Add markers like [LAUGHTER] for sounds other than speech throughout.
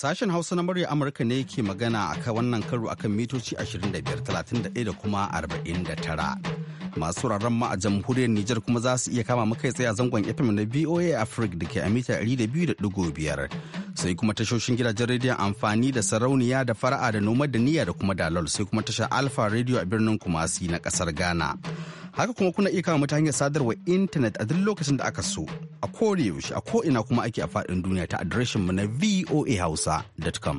Sashen Hausa na murya Amurka ne ke magana a wannan karo akan mitoci 25,31 da kuma 49. Masu wuraren ma a jamhuriyar Nijar kuma za su iya kama muka tsaye a zangon FM na VOA Africa da ke a mita 200.5. Sai kuma tashoshin gidajen rediyon amfani da sarauniya da fara'a da noma da niyya da kuma dalol sai kuma tashar Alpha Radio a birnin Kumasi na kasar Ghana. haka kuma kuna iya kama ta hanyar sadarwar intanet a duk lokacin da aka so a yaushe a ko ina kuma ake a faɗin duniya ta adireshin mu na voahausa.com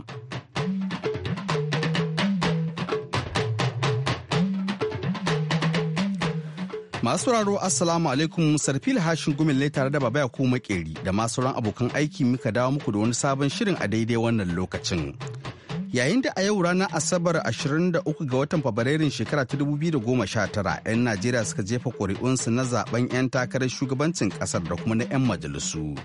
masu sauraro assalamu alaikum sarfil hashin gumin lai tare da babaya ko makeri da masu ran abokan aiki muka dawo muku da wani sabon shirin a daidai wannan lokacin yayin da a yau ranar asabar 23 ga watan fabrairun shekara ta 2019 'yan najeriya suka jefa ƙuri'unsu na zaben 'yan takarar shugabancin kasar da kuma na 'yan majalisu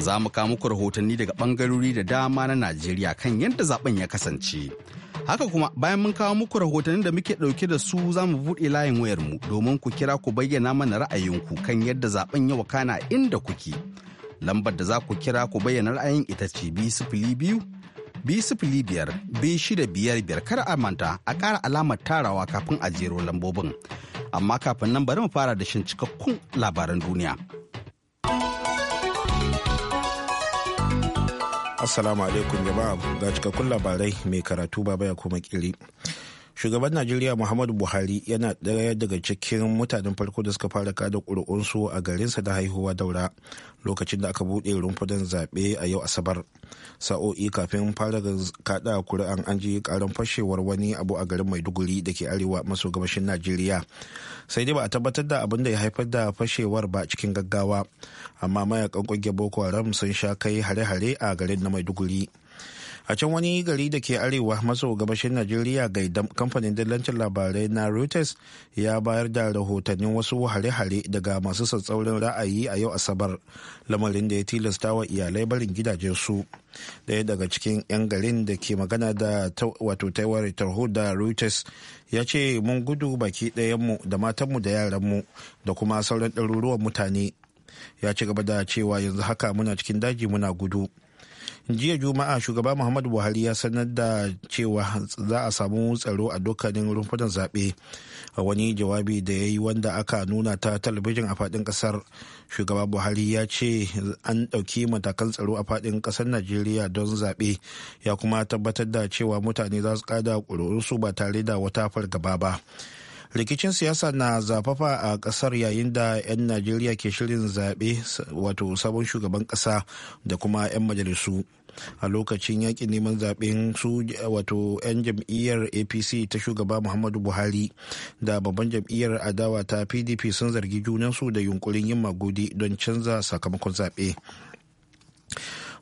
za mu kawo muku rahotanni daga ɓangarori da dama na najeriya kan yadda zaben ya kasance haka kuma bayan mun kawo muku rahotannin da muke ɗauke da su za mu buɗe layin wayarmu domin ku kira ku bayyana mana ra'ayinku kan yadda zaben ya wakana inda kuke lambar da za ku kira ku bayyana ra'ayin ita ce biyu sifili biyu biyar kada a manta a ƙara alamar tarawa kafin a jero lambobin. Amma kafin nan bari mu fara da shin cikakkun labaran duniya. Assalamu alaikum jama'a ga cikakkun labarai mai karatu baba ya kuma kiri. shugaban najeriya muhammadu buhari yana ɗaya daga cikin mutanen farko da suka fara kada ƙuri'unsu a garinsa da haihuwa daura lokacin da aka buɗe rumfudan zaɓe a yau asabar sa'o'i kafin fara kada ƙuri'an an ji ƙarin fashewar wani abu a garin maiduguri da ke arewa maso gabashin najeriya sai dai ba a tabbatar da abin da ya haifar da fashewar ba cikin gaggawa amma mayakan ƙungiyar boko haram sun sha kai hare-hare a garin na maiduguri a can wani gari da ke arewa maso gabashin najeriya ga kamfanin dillancin labarai na reuters ya bayar da rahotannin wasu hare-hare daga masu sassaurin ra'ayi a yau asabar lamarin da ya tilasta wa iyalai barin gidajensu daya daga cikin 'yan garin da ke magana da wato taiwar tarho da reuters ya ce mun gudu baki ɗayanmu da matanmu da yaranmu da kuma sauran daruruwan mutane ya ci gaba da cewa yanzu haka muna cikin daji muna gudu jiya juma'a shugaba muhammadu buhari ya sanar da cewa za a samu tsaro a dukkanin rumfunan zaɓe a wani jawabi da ya yi wanda aka nuna ta talabijin a faɗin ƙasar shugaba buhari ya ce an ɗauki matakan tsaro a faɗin ƙasar najeriya don zaɓe ya kuma tabbatar da cewa mutane za su ƙada ƙuri'unsu ba tare da wata fargaba ba rikicin siyasa na zafafa a kasar yayin da 'yan najeriya ke shirin zabe wato sabon shugaban ƙasa da kuma 'yan majalisu a lokacin yakin neman zaɓen su wato 'yan jam'iyyar apc ta shugaba muhammadu buhari da babban jam'iyyar adawa ta pdp sun zargi junansu da yunkurin yin magudi don canza sakamakon zaɓe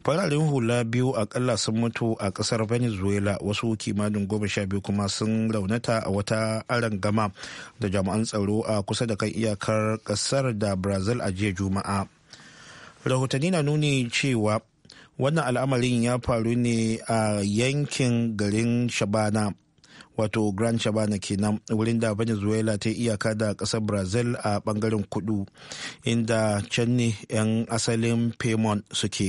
fararen hula biyu akalla sun mutu a kasar venezuela wasu kimanin goma sha biyu kuma sun raunata a wata gama da jami'an tsaro a kusa da kan iyakar kasar da brazil a jiya juma'a rahotanni na nuni cewa wannan al'amarin ya faru ne a yankin garin shabana wato grand shabana kenan wurin da venezuela ta iyaka da kasar brazil a bangaren kudu inda can ne 'yan asalin pemon suke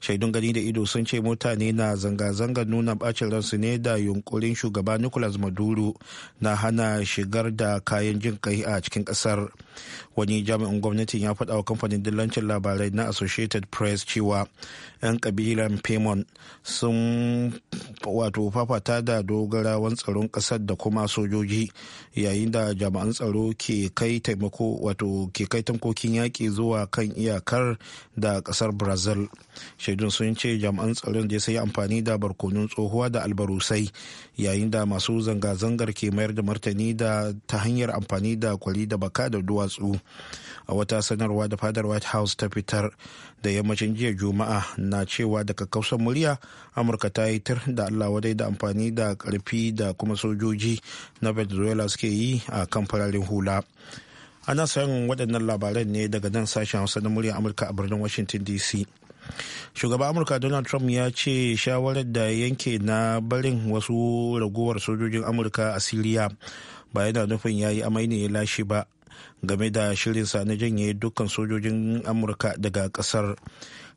shaidun gani da ido sun ce mutane na zanga-zangar nuna bacin ransu ne da yunkurin shugaba nicolas maduro na hana shigar da kayan jin kai a cikin kasar wani jami'in gwamnatin ya faɗa wa kamfanin dillancin labarai na associated press cewa 'yan kabilan pemon sun wato fafata da dogarawan tsaron kasar da kuma sojoji yayin da jami'an tsaro ke kai taimako wato ke kai tankokin yaƙi zuwa kan iyakar da kasar brazil shaidun sun ce jami'an tsaron da ya sai amfani da barkonun tsohuwa da albarusai yayin da masu zanga-zangar ke mayar da martani da ta hanyar amfani da kwali da baka da duwatsu a wata sanarwa da fadar white house ta fitar da yammacin jiya juma'a na cewa daga kausar murya amurka ta yi tir da allah wadai da amfani da karfi da kuma sojoji na venezuela suke yi a kan fararen hula ana sayan waɗannan labaran ne daga nan sashen hausa na murya amurka a birnin washington dc shugaban amurka donald trump ya ce shawarar da yanke na barin wasu ragowar sojojin amurka a siriya ba yana nufin ya yi amai ne ya lashe ba game da shirinsa na janye dukkan sojojin amurka daga kasar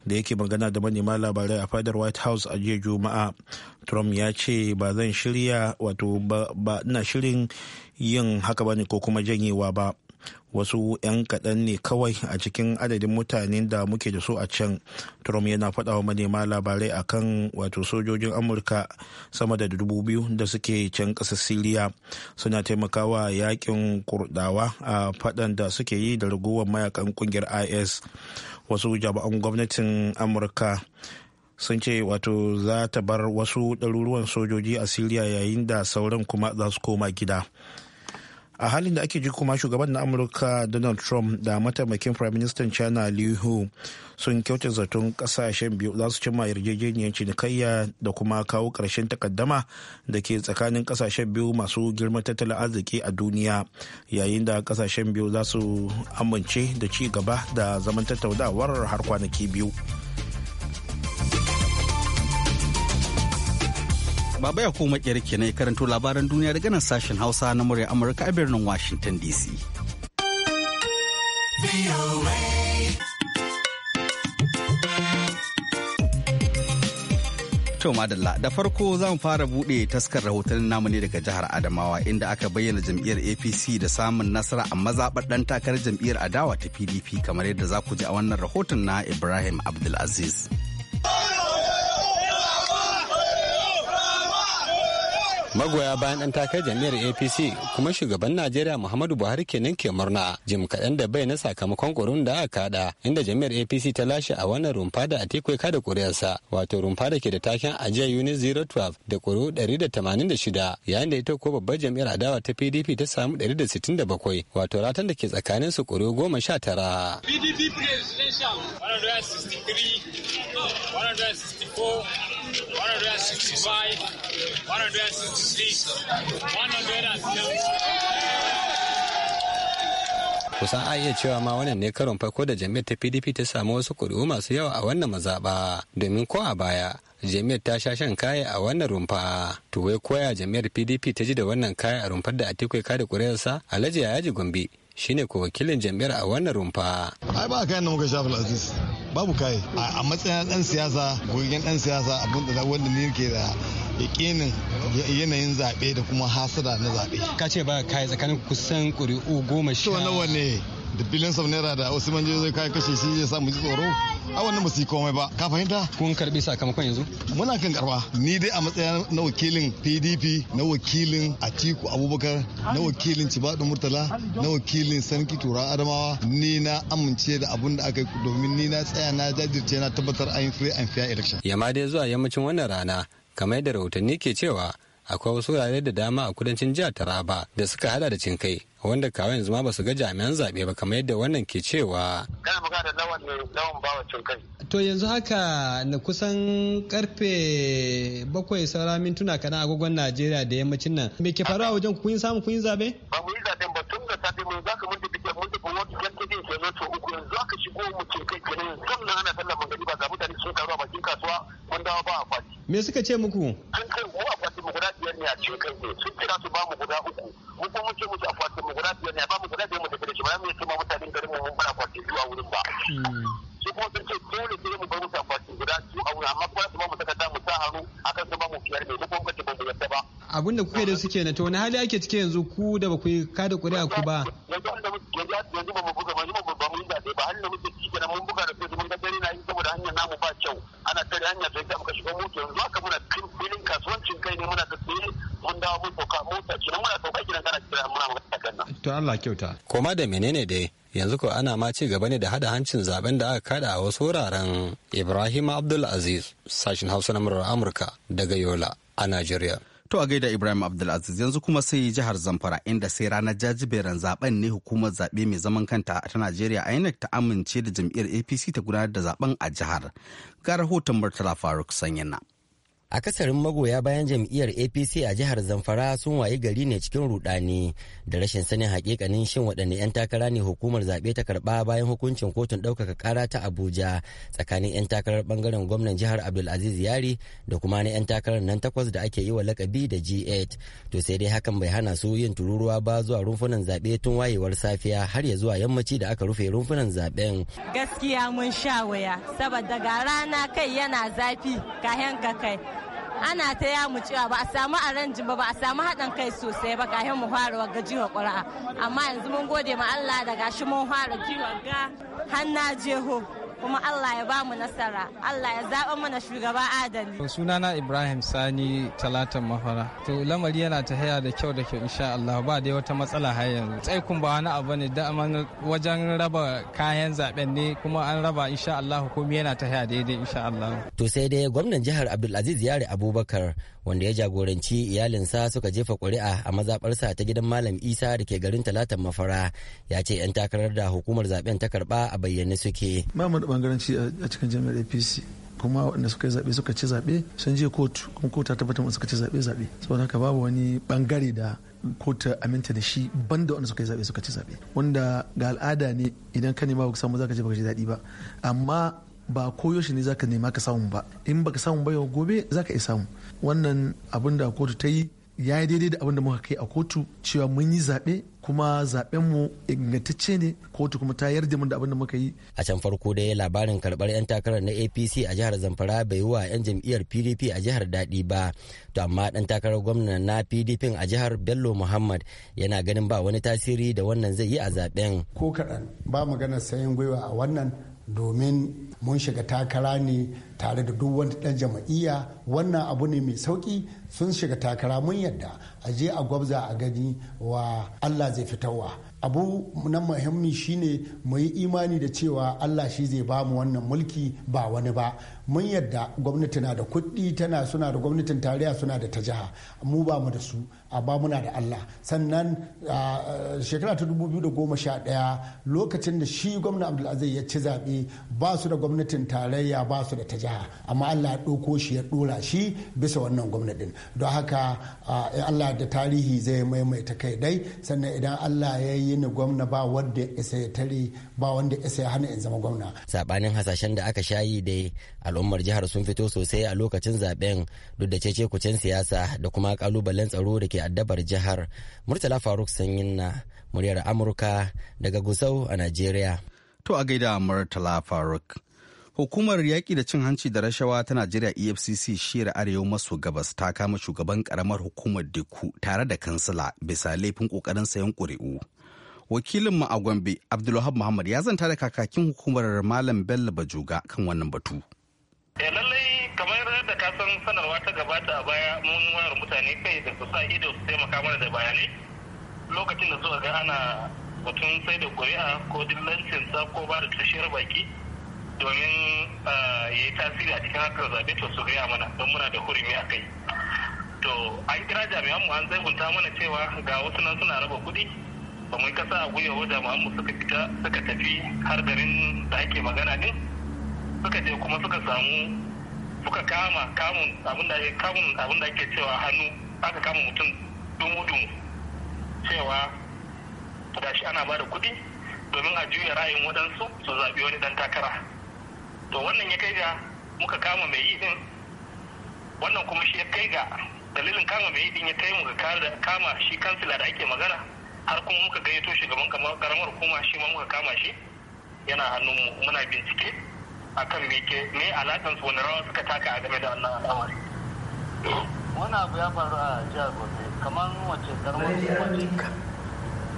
da yake magana da manema labarai a fadar white house a jiya juma'a trump ya ce ba zan shirya wato ba ina shirin yin haka bane ko kuma janyewa ba wasu 'yan kaɗan ne kawai a cikin adadin mutanen da muke da su a can trump yana faɗa wa manema labarai akan wato sojojin amurka sama da dubu biyu da suke can ƙasar siriya suna taimakawa yakin kurdawa a faɗan da suke yi da ragowar mayakan kungiyar is wasu jami'an gwamnatin amurka sun ce wato za ta bar wasu ɗaruruwan sojoji a siriya yayin da sauran kuma za su koma gida a halin da ake ji kuma shugaban na amurka donald trump da mataimakin prime minister china liu hu sun kyauta zaton kasashen biyu za su cimma yarjejeniyar cinikayya da kuma kawo karshen takaddama da ke tsakanin kasashen biyu masu girman tattalin arziki a duniya yayin da kasashen biyu za su amince da ci gaba da zaman tattaunawar har kwanaki biyu. Baba ya kuma makere ya karanto labaran duniya daga nan sashen Hausa na murya Amurka a birnin Washington DC. To madalla da farko za fara buɗe taskar rahoton namu ne daga jihar Adamawa inda aka bayyana jam'iyyar APC da samun nasara a mazaɓar ɗan takarar jam'iyyar adawa ta PDP kamar yadda za ku ji a wannan rahoton na Ibrahim Abdulaziz. magoya bayan ɗan takarar jami'ar apc kuma shugaban najeriya muhammadu buhari kenan ke murna jim kaɗan da bai na sakamakon ƙuri'un da aka kaɗa inda jami'ar apc ta lashe a wannan rumfa da atiku da kada ƙuri'arsa wato rumfa da ke da taken ajiyar unit 012 da ƙuri'u 186 yayin da ita ko babbar jam'iyyar adawa ta pdp ta samu 167 wato ratan da ke tsakanin su ƙuri'u 19 pdp presidential 163 164 kusan a iya cewa ma wannan ne karon farko da jami'ar ta pdp ta samu wasu kuri'u masu yawa a wannan mazaɓa domin ko a baya jami'ar ta sha shan kaya a wannan rumfa to wai koya jami'ar pdp ta ji da wannan kaya a rumfar da atiku ya kada kuri'arsa alhaji yaji gombe shine ko wakilin jam'iyyar a wannan rumfa. Ai ba kayan da muka sha aziz babu kai a matsayin dan siyasa gogen dan siyasa abin da wanda ne ke da yakinin yanayin zaɓe da kuma hasada na zaɓe. Ka ce ba kai tsakanin kusan ƙuri'u goma sha. To nawa ne da biliyan sau naira da manje zai kai kashe shi ya samu mu ji tsoro. a wannan ba su yi komai ba ka fahimta kun karbi sakamakon yanzu muna kan karba ni dai a matsayin na wakilin pdp na wakilin atiku abubakar na wakilin cibadu murtala na wakilin sarki tura adamawa ni na amince da abun da aka yi domin ni na tsaya na jajirce na tabbatar an free and fair election yamma dai zuwa yammacin wannan rana kamar da rahotanni ke cewa akwai wasu wurare da dama a kudancin jihar taraba da suka hada da cinkai wanda kawo yanzu ma basu ga jami'an zaɓe ba kamar yadda wannan ke cewa. Kana magana lawan ne lawan bawa kai. To yanzu haka na kusan karfe bakwai saura mintuna kana agogon Najeriya da yammacin nan. Me ke faruwa wajen kun samu kun yi zaɓe? Ba mu yi zaɓen ba tun da safe mun za ka mun tafi mun tafi wani gaskiya ke nan sau uku yanzu aka shigo mu ce kai tun sannan ana sallar gari ba ga mutane sun karu a bakin kasuwa mun dawo ba a kwati. Me suka ce muku? Sun kai mu a kwati mu guda biyar ne a cikin kai ne sun kira su ba mu guda uku. Mun kuma mun ce musu a kuɗa zai mu tafi da shi ba za mu mutanen garin mu mun bara zuwa a wurin ba su kuma sun ce dole sai mu bar mutan kwace guda su a wurin amma kuma su ba mu takarda mu sa hannu akan su ba mu kiyar ne duk kuma ba mu yarda ba abin da kuke da suke na to wani hali ake cike yanzu ku da ba ku yi kada ƙuri'a ku ba yanzu Allah kyauta. Koma da menene dai yanzu ko ana ma ci gaba ne da hada hancin zaben da aka kada a wasu wuraren Ibrahim Abdul Aziz sashin Hausa na murar Amurka daga Yola a Najeriya. To a gaida Ibrahim Abdulaziz yanzu kuma sai jihar Zamfara inda sai ranar jajiberin zaben ne hukumar zaɓe mai zaman kanta ta Najeriya INEC ta amince da jam'iyyar APC ta gudanar da zaben a jihar. Ga rahoton Murtala Faruk Sanyina. a akasarin magoya bayan jam'iyyar apc a jihar zamfara sun wayi gari ne cikin rudani da rashin sanin hakikanin shin waɗanne 'yan takara ne hukumar zaɓe ta karɓa bayan hukuncin kotun ɗaukaka ƙara ta abuja tsakanin 'yan takarar ɓangaren gwamnan jihar abdulaziz yari da kuma na 'yan takarar nan takwas da ake yi wa lakabi da g8 to sai dai hakan bai hana su yin tururuwa ba zuwa rumfunan zaɓe tun wayewar safiya har ya zuwa yammaci da aka rufe rumfunan zaɓen gaskiya mun sha waya saboda ga rana kai yana zafi ka ka kai ana ta ya mu cewa ba a samu ranji ba ba a samu haɗin kai sosai ba kayan mu fara ga jiwa ƙura'a amma yanzu mun gode ma Allah da gashi mun fara jiwa ga hannajeho. jeho kuma Allah ya ba mu nasara Allah ya zaɓa mana shugaba adali sunana Ibrahim Sani Talatan Mafara to lamari yana ta haya da kyau da kyau insha Allah ba dai wata matsala har yanzu tsaikun ba wani abu ne da wajen raba kayan zaben ne kuma an raba insha Allah komai yana ta haya daidai insha Allah to sai dai gwamnan jihar Abdulaziz Yare Abubakar wanda ya jagoranci iyalinsa suka jefa ƙuri'a a mazabarsa ta gidan malam isa da ke garin talatan mafara ya ce 'yan takarar da hukumar zaben ta karba a bayyane suke. wani bangaranci a cikin jami'ar apc kuma waɗanda suka yi zaɓe suka ci zaɓe sun je kotu kuma kotu ta tabbatar masu suka ci zaɓe zaɓe saboda haka babu wani bangare da kotu aminta da shi banda waɗanda suka yi zaɓe suka ci zaɓe wanda ga al'ada ne idan ka nema baka samu zaka je baka ji daɗi ba amma ba koyaushe ne zaka nema ka samu ba in baka samu ba yau gobe zaka iya samu wannan abin da kotu ta yi ya yi daidai da abin da muka kai a kotu cewa mun yi zaɓe kuma zaɓenmu ingantacce ne kotu kuma ta yarda mun da abin da muka yi. A can farko dai labarin karɓar 'yan takarar na APC a jihar Zamfara bai yi wa 'yan jam'iyyar PDP a jihar daɗi ba. To amma ɗan takarar gwamna na PDP a jihar Bello Muhammad yana ganin ba wani tasiri da wannan zai yi a zaɓen. Ko kaɗan ba maganar sayan gwiwa a wannan domin mun shiga takara ne tare da duk wani ɗan jama'iyya wannan abu ne mai sauƙi sun shiga takara mun yadda a je a gwabza a gani wa allah zai fitarwa abu na muhimmi shine mu yi imani da cewa allah shi zai ba mu wannan mulki ba wani ba mun yadda gwamnati na da kuɗi tana suna da gwamnatin tarayya suna da ta jiha mu ba mu da su amma muna da Allah sannan shekara ta 2011 lokacin da shi gwamna Abdulaziz ya ci zaɓe ba su da gwamnatin tarayya ba su da ta jiha amma Allah ya ɗauko shi ya ɗora shi bisa wannan gwamnatin don haka Allah da tarihi zai maimaita kai dai sannan idan Allah ya yi ni gwamna ba wanda ya isa ya tare ba wanda ya isa ya hana in zama gwamna. Sabanin hasashen da aka shayi dai al'ummar jihar sun fito sosai a lokacin zaben duk da cece kucen siyasa da kuma kalubalen tsaro da ke addabar jihar murtala faruk sanyin na muryar amurka daga gusau a najeriya to a gaida murtala faruk Hukumar yaƙi da cin hanci da rashawa ta Najeriya EFCC shiyar Arewa maso gabas ta kama shugaban karamar hukumar Deku tare da kansila bisa laifin ƙoƙarin sayan ƙuri'u. Wakilin a Gombe, Abdulwahab Muhammad ya zanta da kakakin hukumar Malam Bello Bajoga kan wannan batu. Ya eh, lallai kamar da ka san sanarwa ta gabata a baya mun wayar mutane kai da su ido su taimaka mana da bayanai lokacin da suka ga ana batun sai da ƙuri'a ko dillancin sa ko ba da tushiyar baki domin ya yi tasiri a cikin harkar zaɓe to su gaya mana don muna da hurumi a kai to an kira jami'an mu an zaibunta mana cewa ga wasu nan suna raba kuɗi ba mu kasa a gwiwa jami'an mu suka fita suka tafi har garin da ake magana din suka je kuma suka samu suka kama kamun abin da kamun ake cewa hannu aka kama mutum dumudun cewa shi ana ba da kuɗi domin a juya ra'ayin waɗansu su zaɓi wani ɗan takara to wannan ya kai ga muka kama mai yi ɗin, wannan kuma shi ya kai ga dalilin kama mai yi ɗin ya kai mu ga kama shi kansila da ake magana har kuma muka gayyato shugaban karamar hukuma shi ma muka kama shi yana hannun mu muna bincike akan me ke me alaƙar su wani rawa suka taka a game da wannan al'amari wani abu ya faru a jihar Bauchi kamar wacce karamar hukumar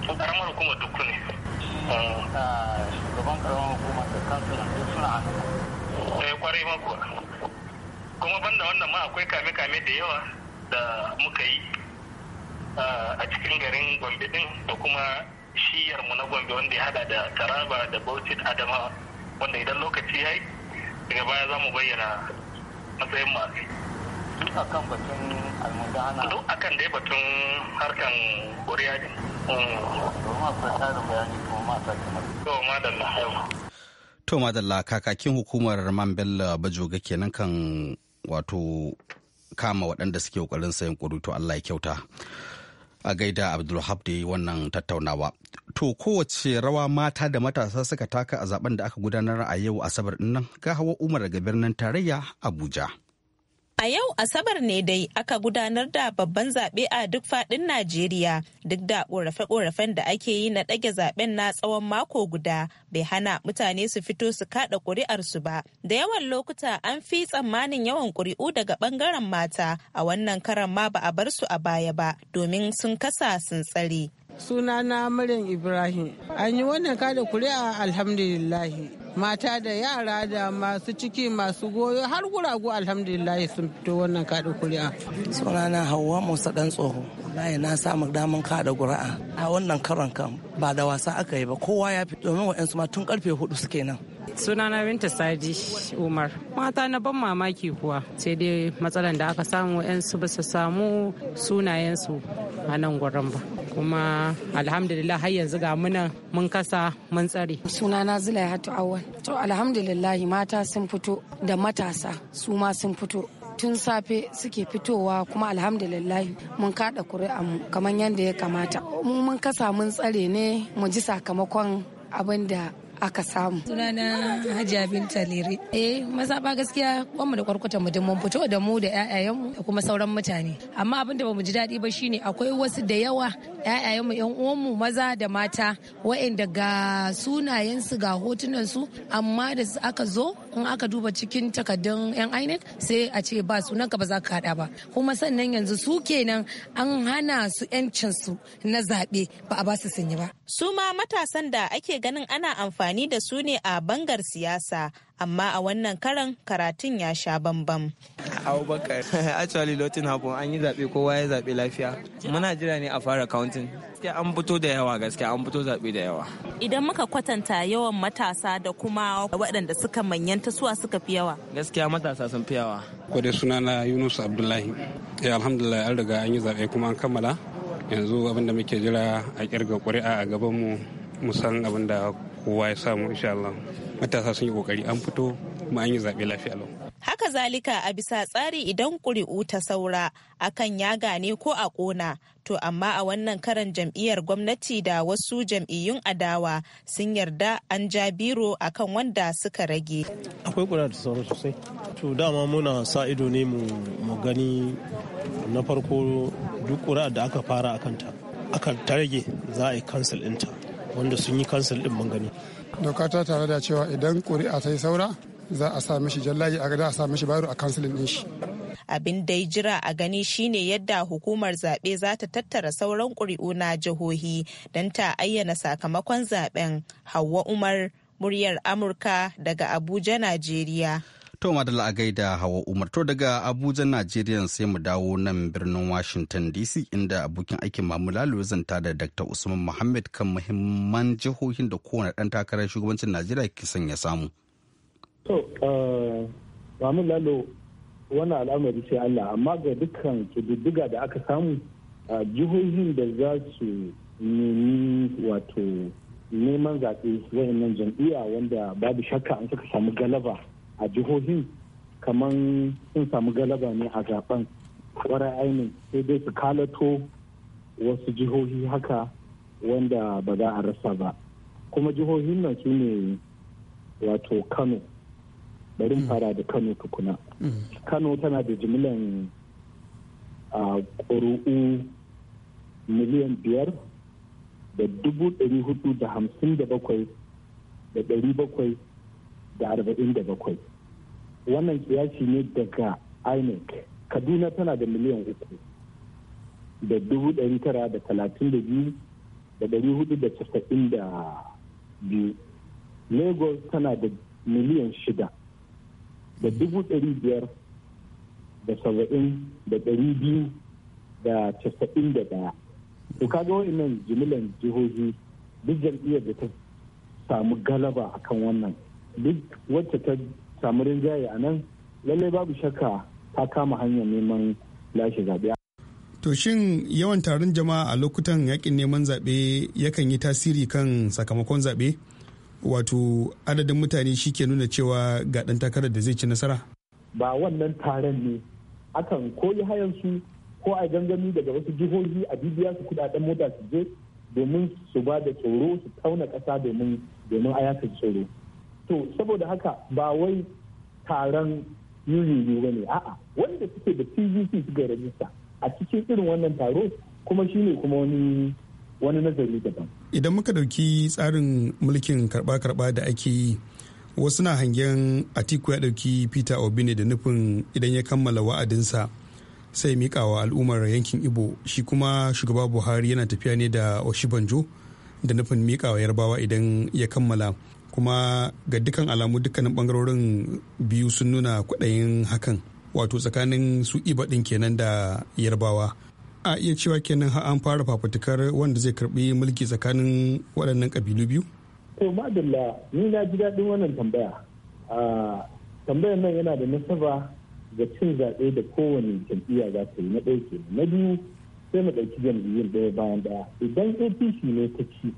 ce karamar hukumar dukku ne shugaban karamar hukumar da na duk suna hannu eh kwarai ma kuwa kuma banda wannan ma akwai kame-kame da yawa da muka yi a cikin garin gombe din da kuma shiyar mu na gombe wanda ya hada da taraba da bauchi adamawa wanda idan lokaci ya yi daga baya za mu bayyana matsayin masu duk kan batun almudana duk akan dai batun harkan koriya ne to madalla kakakin hukumar man bello bajoga kenan kan wato kama waɗanda suke ƙoƙarin sayan ƙuruto Allah ya kyauta a gaida abdulhab da wannan tattaunawa To kowace rawa mata da matasa suka taka a zaben da aka gudanar a yau Asabar nan ga hawa Umar daga birnin tarayya Abuja. A yau Asabar ne dai aka gudanar da babban zaɓe a duk faɗin Najeriya duk da ƙorafe-ƙorafen da ake yi na ɗage zaɓen na tsawon mako guda bai hana mutane su fito su kaɗa ƙuri'arsu ba. Da yawan lokuta an fi tsammanin yawan ƙuri'u daga ɓangaren mata a wannan karan ma ba a bar su a baya ba domin sun kasa sun tsare. suna na Maryam Ibrahim. An yi wannan kada kuri'a alhamdulillahi. Mata da yara da masu ciki masu goyo har guragu alhamdulillah sun fito wannan kada kuri'a. Sunana Hauwa Musa Dan Tsoho. Wallahi na samu daman kada kuri'a. A wannan karon kan ba da wasa aka yi ba kowa ya fito domin wa'yansu ma tun karfe hudu suke nan. Sunana Binta saji Umar. Mata na ban mamaki kuwa sai dai matsalan da aka samu ba su samu sunayensu a nan gurin ba. kuma alhamdulillah har yanzu ga muna mun kasa mun tsare. sunana ya awal to alhamdulillah mata sun fito da matasa su ma sun fito tun safe suke fitowa kuma alhamdulillah mun kada mu kamar yadda ya kamata mun kasa mun tsare ne mu ji sakamakon abin da aka samu. Sunana Hajiya Binta Lere. Eh mazaɓa gaskiya kwanmu da kwarkwata mu mun fito da mu da mu da kuma sauran mutane. Amma abin da bamu ji daɗi ba shine akwai wasu da yawa mu ƴan uwan mu maza da mata wa'inda ga sunayensu ga hotunan su amma da aka zo in aka duba cikin takardun ƴan INEC sai a ce ba ka ba za ka haɗa ba. Kuma sannan yanzu su kenan an hana su su na zaɓe ba a ba su sun ba. Su ma matasan da ake ganin ana amfani amfani da su ne a bangar siyasa amma a wannan karan karatun ya sha bambam. Abubakar, [LAUGHS] actually lotin happen an yi zaɓe kowa ya zaɓe lafiya. Muna jira ne a fara counting. Gaskiya an fito da yawa gaskiya an fito zaɓe da yawa. Idan muka kwatanta yawan matasa da kuma waɗanda suka manyanta suwa suka fi yawa. Gaskiya matasa sun fi yawa. Kwade suna na Yunus Abdullahi. Eh alhamdulillah an riga an yi zaɓe kuma an kammala. Yanzu abin da muke jira a kirga ƙuri'a a gaban mu san abin da kowa ya samu insha Allah matasa sun yi kokari an fito kuma an yi zaɓe lafiya lau haka zalika a bisa tsari idan ƙuri'u ta saura akan ya gane ko a ƙona to amma a wannan karan jam'iyyar gwamnati da wasu jam'iyyun adawa sun yarda an ja biro akan wanda suka rage akwai ƙura da sauran sosai to dama muna sa ido ne mu gani na farko duk ƙura da aka fara akanta aka ta rage za a yi kansil ɗinta wanda sun yi kansil din mun gani doka ta tare da cewa idan ƙuri'a ta yi saura za a sa mishi jallaji a gada a sa mishi bayro a kansilin din shi abin dai jira a gani shine yadda hukumar zaɓe za ta tattara sauran ƙuri'u na jihohi don ta ayyana sakamakon zaɓen hawa umar muryar amurka daga abuja najeriya To madalla a gaida hawa Umar to daga Abuja Najeriya sai mu dawo nan birnin Washington DC inda abokin aikin mamula ya zanta da Dr. Usman Muhammad kan muhimman jihohin da kowane dan takarar shugabancin Najeriya ke son ya samu. To eh, Mamu Lalo wani al'amari sai Allah amma ga dukkan kididdiga da aka samu a jihohin da za su nemi wato neman zaɓe wayannan jam'iyya wanda babu shakka an suka samu galaba a jihohin kamar sun samu galaba ne a zaben kwarai ainihin sai dai su kalato wasu jihohi haka wanda ba za a rasa ba kuma jihohin nan su ne wato kano bari mm. fara da kano tukuna mm. kano tana da jimilan ƙuru'u miliyan biyar da dubu ɗari hudu da hamsin da bakwai da ɗari bakwai da arba'in da bakwai wannan kiyashi ne daga inec kaduna tana da miliyan uku da dubu ɗari tara da talatin da biyu da ɗari hudu da casa'in da biyu lagos tana da miliyan shida da dubu ɗari biyar da saba'in da ɗari biyu da casa'in da ɗaya to kaga nan jimilan jihohi duk jam'iyyar da ta samu galaba akan wannan duk wacce ta samu rinjaye a nan lallai babu shakka ta kama hanyar neman lashe zaɓe. To shin yawan taron jama'a a lokutan yakin neman zaɓe yakan yi tasiri kan sakamakon zaɓe? Wato adadin mutane shi ke nuna cewa ga ɗan takarar da zai ci nasara? Ba wannan taron ne, akan koyi hayansu ko a gangami daga wasu jihohi a bibiya su kudaden mota su je domin su ba da tsoro su tauna ƙasa domin domin a tsoro. to saboda haka ba wai taron yuyu ba ne a'a wanda suke da pgc suka rajista a cikin irin wannan taro kuma shine kuma wani wani nazari daban idan muka dauki tsarin mulkin karba-karba da ake yi wasu na hangen atiku ya dauki peter obi ne da nufin idan ya kammala wa'adinsa sai mikawa al'ummar yankin ibo shi kuma shugaba buhari yana tafiya ne da oshibanjo da nufin wa yarbawa idan ya kammala kuma ga dukkan alamu dukkanin bangarorin biyu sun nuna kwaɗayin hakan wato tsakanin su iba ɗin kenan da yarbawa a iya cewa kenan ha an fara fafutukar wanda zai karbi mulki tsakanin waɗannan ƙabilu biyu to madalla ni na ji daɗin wannan tambaya tambayar nan yana da nasaba ga cin zaɓe da kowane jam'iyya za ta yi na ɗaya kenan na biyu sai mu ɗauki jam'iyyun ɗaya bayan ɗaya idan apc ne ta ci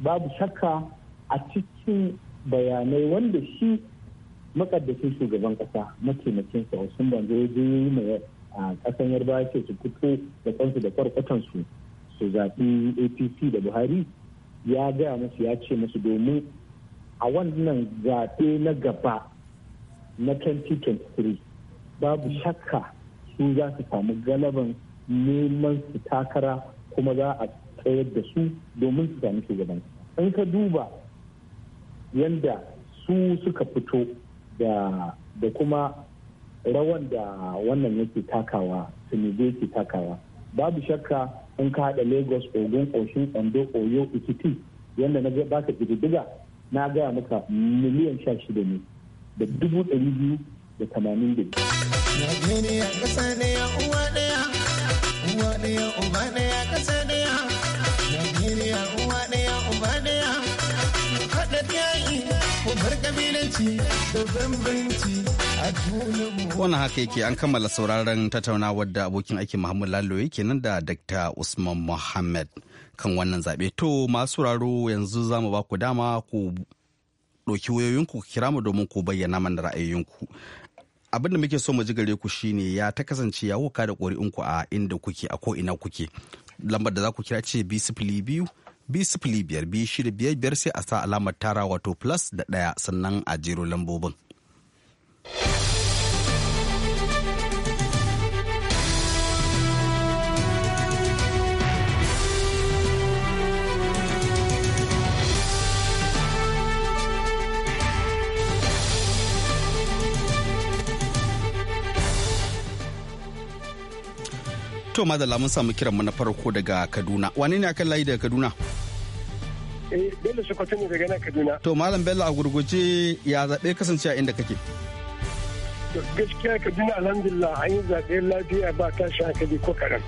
babu shakka a cikin bayanai wanda shi makaddacin shugaban kasa mataimakin sa sun banzo ya je yi mai a kasan ce su fito da kansu da kwarkwatan su su zaɓi apc da buhari ya gaya musu ya ce musu domin a wannan zaɓe na gaba na 2023 babu shakka su za su samu galaban neman su takara kuma za a tsayar da su domin su sami shugaban in ka duba yanda su suka fito da kuma rawan da wannan yake takawa sinibu yake takawa babu shakka in ka haɗa lagos ogun oshin ondo oyo ikiti yadda na baka ƙididdiga na gaya maka miliyan sha shida ne da dubu ɗari biyu da tamanin da biyu. uwa ɗaya uwa ɗaya ɗaya uwa ɗaya ɗaya kabilanci Wannan haka yake an kammala sauraron tattaunawar da abokin aikin Muhammad Lalo yake nan da Dr. Usman Muhammad kan wannan zaɓe. To masu raro yanzu za mu ba ku dama ku ɗauki wayoyinku ku kira mu domin ku bayyana mana ra'ayoyinku. Abin da muke so mu ji gare ku shine ya ta kasance ya wuka da ƙuri'unku a inda kuke a ko ina kuke. Lambar da za ku kira ce biyu biyar sai a sa alamar tara wato plus da ɗaya sannan a jero lambobin. To madalla mun samu kiran mu na farko daga Kaduna. Wane ne akan layi daga Kaduna? Eh, Bello Sokoto ne daga nan Kaduna. To Malam Bello a gurguje ya zaɓe kasance a inda kake. Gaskiya Kaduna alhamdulillah an yi zaɓe lafiya ba ta shi hankali ko karam.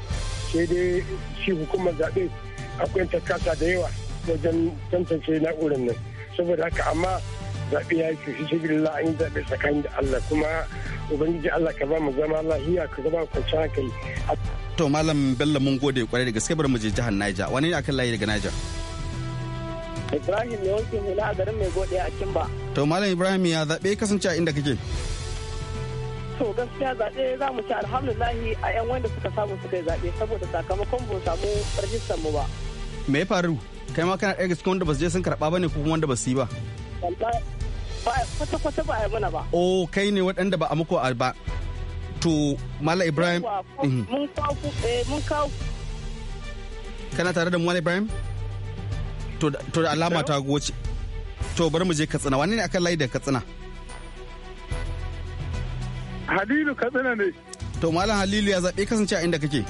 Sai dai shi hukumar zaɓe akwai takasa da yawa wajen tantance na'urar nan. Saboda haka amma zaɓe ya yi fi an yi zaɓe tsakanin da Allah kuma Ubangiji Allah ka ba mu zama lahiya ka zama kwanciyar hankali. To Malam Bello mun gode kwarai da gaske bar mu je jihar Niger. Wani ne akan layi daga Niger? Ibrahim ne wanke hula a garin mai gode a Kimba. To Malam Ibrahim ya zaɓe kasance a inda kake? To gaskiya zaɓe za mu ci alhamdulahi a 'yan wanda suka samu suka yi zaɓe saboda sakamakon ba samu rajistan mu ba. Me ya faru? Kai ma kana ɗaya gaske wanda ba su je sun karɓa ba ne ko wanda ba su yi ba? Kwata-kwata ba a yi mana ba. O kai ne waɗanda ba a muku ba. To Malam Ibrahim. Mhm. Mun kawo. Eh, kana tare da Malam Ibrahim? to da alama ta goce to bari mu je katsina wani ne akan layi da katsina halilu katsina ne to malam halilu ya zaɓe kasance a inda kake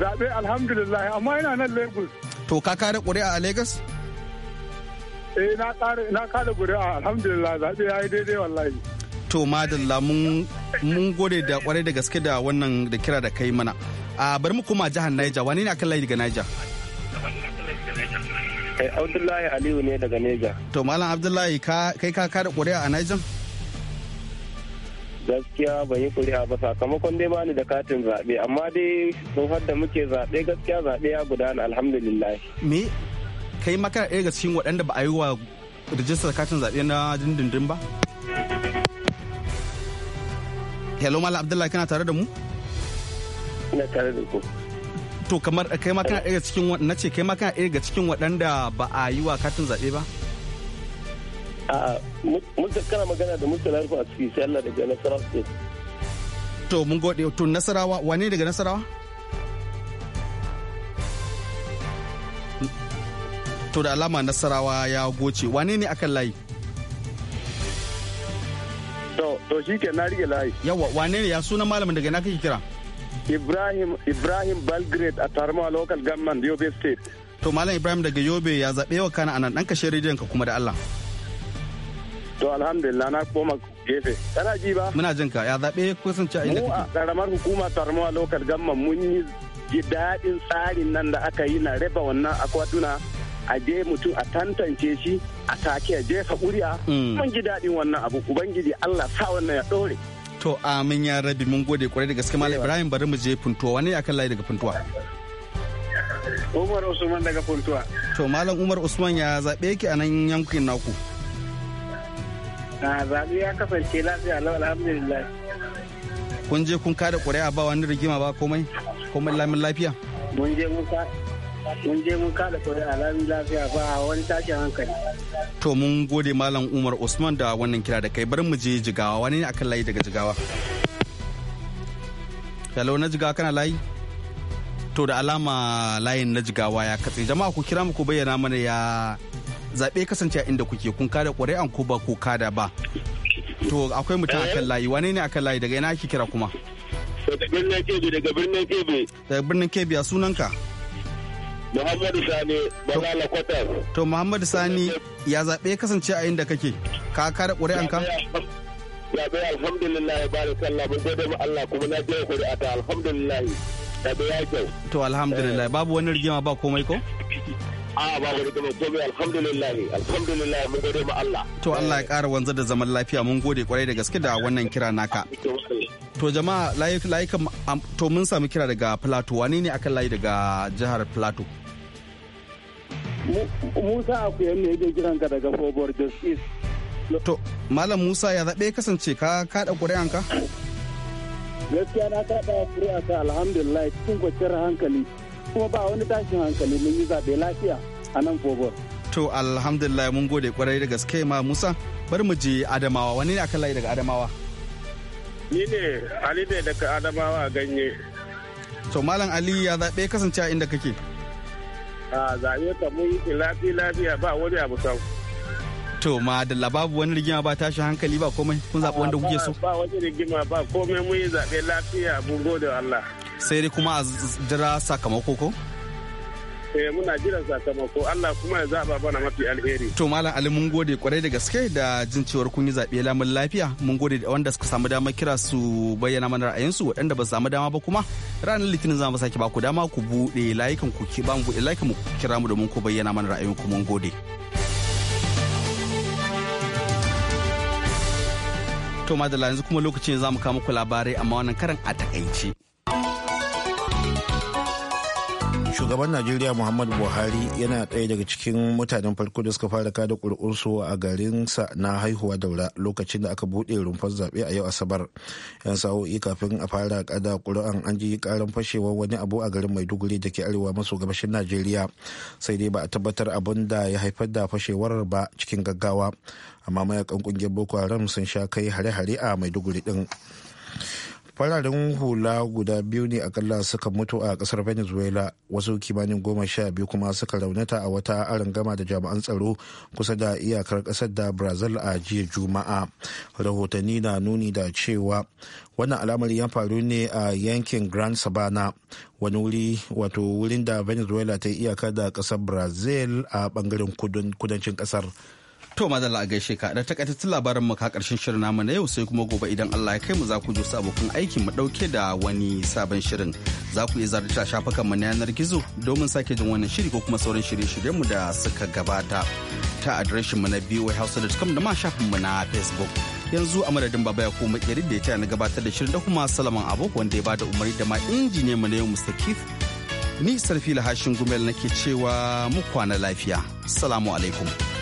zaɓe alhamdulillah amma ina nan lagos to ka kare ƙuri'a a lagos eh na kare na kare ƙuri'a alhamdulillah zaɓe ya yi daidai wallahi to madalla mun mun gode da kwarai da gaske da wannan da kira da kai mana a ah, bari mu koma jihar Niger wani ne akan layi daga Niger Abdullahi Aliyu ne daga Neja. To Malam Abdullahi kai ka kada kuri'a a Niger? Gaskiya ban yi kuri'a ba sakamakon dai bani da katin zaɓe amma dai sun hadda muke zaɓe gaskiya zaɓe ya gudana alhamdulillah. Me? Kai maka ɗaya ga cikin waɗanda ba a yi wa rijistar katin zaɓe na dindindin ba? Hello Malam Abdullahi kana tare da mu? Ina tare da ku. to kamar kai ma kana daga cikin na ce kai ma kana daga cikin waɗanda ba a yi wa katin zaɓe ba a'a mun kana magana da mutala rufa a ciki sai Allah daga nasarawa to mun gode to nasarawa wane daga nasarawa to da alama nasarawa ya goce wane ne akan layi to to shi ke na rike layi yawa wane ne ya sunan malamin daga na kake kira Ibrahim Ibrahim Belgrade a Tarmawa Local Government Yobe State. To Malam Ibrahim daga Yobe ya zaɓe wa kana anan ɗan kashe rediyon ka kuma da Allah. To alhamdulillah na koma gefe. Kana ji ba? Muna jin ka ya zaɓe ci a inda kake. Mu a ƙaramar hukuma Tarmawa Local Government mun yi daɗin tsarin nan da aka yi na raba wannan akwatuna a je mutum a tantance shi a take a jefa ƙuri'a mm. mun ji daɗin wannan abu ubangiji Allah sa wannan ya ɗore. To amin ya rabi mun gode kwarai da gaske Malam Ibrahim bari mu je funtuwa wani akan layi daga funtuwa. Umar Usman daga funtuwa. To Malam Umar Usman ya zaɓe ki a nan yankin naku. Na zaɓe ya kasance lafiya lau alhamdulillah. Kun je kun kada a ba wani rigima ba komai komai lamin lafiya? Mun je mun mun je mun kada kuri alami lafiya ba a wani tashin hankali. To mun gode Malam Umar Usman da wannan kira da kai bari mu je jigawa wani ne akan layi daga jigawa. Hello na jigawa kana layi? To da alama layin na jigawa ya katse jama'a ku kira mu ku bayyana mana ya zaɓe kasance a inda kuke kun kada an ko ba ku kada ba. To akwai mutum eh? akan layi wane ne akan layi daga ina ake kira kuma? Daga birnin Kebe daga birnin Kebe. Daga birnin Kebe a sunanka? Muhammadu Sani Balala Kwatar. To Muhammadu Sani ya zaɓe kasance a inda kake? Ka kada ƙuri'anka? Zaɓe alhamdulillah ya bada sallah mun gode mu Allah kuma na je ta alhamdulillah. Zaɓe ya kyau. To alhamdulillah babu wani rigima ba komai ko? a ba wani gama komai alhamdulillah alhamdulillah mun gode ma Allah to Allah ya ƙara wanzar da zaman lafiya mun gode kwarai da gaske da wannan kira naka to jama'a layukan to mun samu kira daga plateau wane ne akan layi daga jihar plateau Musa Akuyan ne ya kiran ka daga Fobor Jos East. To, Malam Musa ya zaɓe kasance ka kaɗa ƙuri'anka? Gaskiya na kaɗa ta alhamdulillah cikin kwanciyar hankali kuma ba wani tashin hankali mun yi zaɓe lafiya a nan Fobor. To, alhamdulillah mun gode ƙwarai da gaske ma Musa bari mu je Adamawa wani ne aka layi daga Adamawa? Ni ne Ali ne daga Adamawa ganye. To, Malam Ali ya zaɓe kasance a inda kake? zaɓe ka mun yi lafiya lafiya ba wani abu kan. To ma da lababu wani rigima ba tashi hankali ba komai kun zaɓi wanda kuke so. Ba wani rigima ba komai mun yi zaɓe lafiya mun gode Allah. Sai dai kuma a jira sakamako ko? Eh, muna jiran sakamako Allah kuma ya zaba bana mafi alheri to malam ali mun gode kwarai da gaske da jin cewar kun yi zabe lamun lafiya mun gode da wanda suka samu dama kira su bayyana mana ra'ayinsu waɗanda ba su samu dama ba kuma ranar litinin za mu sake ba ku dama ku buɗe layukan ku ki ba mu buɗe layukan mu kira mu domin ku bayyana mana ra'ayinku mun gode To madalla yanzu kuma lokacin za mu kawo muku labarai amma wannan karan a takaice. shugaban najeriya muhammadu buhari yana ɗaya daga cikin mutanen farko da suka fara kada ƙuri'unsu a garinsa na haihuwa daura lokacin da aka buɗe rumfar zaɓe a yau asabar yan sa'o'i kafin a fara kada ƙuri'an an ji ƙarin fashewar wani abu a garin maiduguri da ke arewa maso gabashin najeriya sai dai ba a tabbatar abun da ya haifar da fashewar ba cikin gaggawa amma mayakan ƙungiyar boko haram sun sha kai hare-hare a maiduguri din. fararen hula guda biyu ne akalla suka mutu a kasar venezuela wasu kimanin goma sha biyu kuma suka raunata a wata arangama da jami'an tsaro kusa da iyakar kasar da brazil a jiya juma'a rahotanni na nuni da cewa wannan alamar ya faru ne a yankin grand sabana wani wuri wato wurin da venezuela ta iyaka da kasar brazil a bangaren kudancin kasar To madalla a gaishe ka da takaitattun labaran mu ka karshen shirin namu na yau sai kuma gobe idan Allah ya kai mu za ku sa abokan aikin mu dauke da wani sabon shirin. Za ku iya zarta shafukan mu na yanar gizo domin sake jin wannan shiri ko kuma sauran shirye-shiryen mu da suka gabata ta adireshin mu na voahouse.com da ma shafin mu na Facebook. Yanzu a madadin baba ya koma kiri da ya na gabatar da shirin da kuma Salaman abu wanda ya bada umarni da ma injiniyan mu na yau Mr. Keith. Ni sarfi lahashin Gumel nake cewa mu kwana lafiya. Salamu alaikum.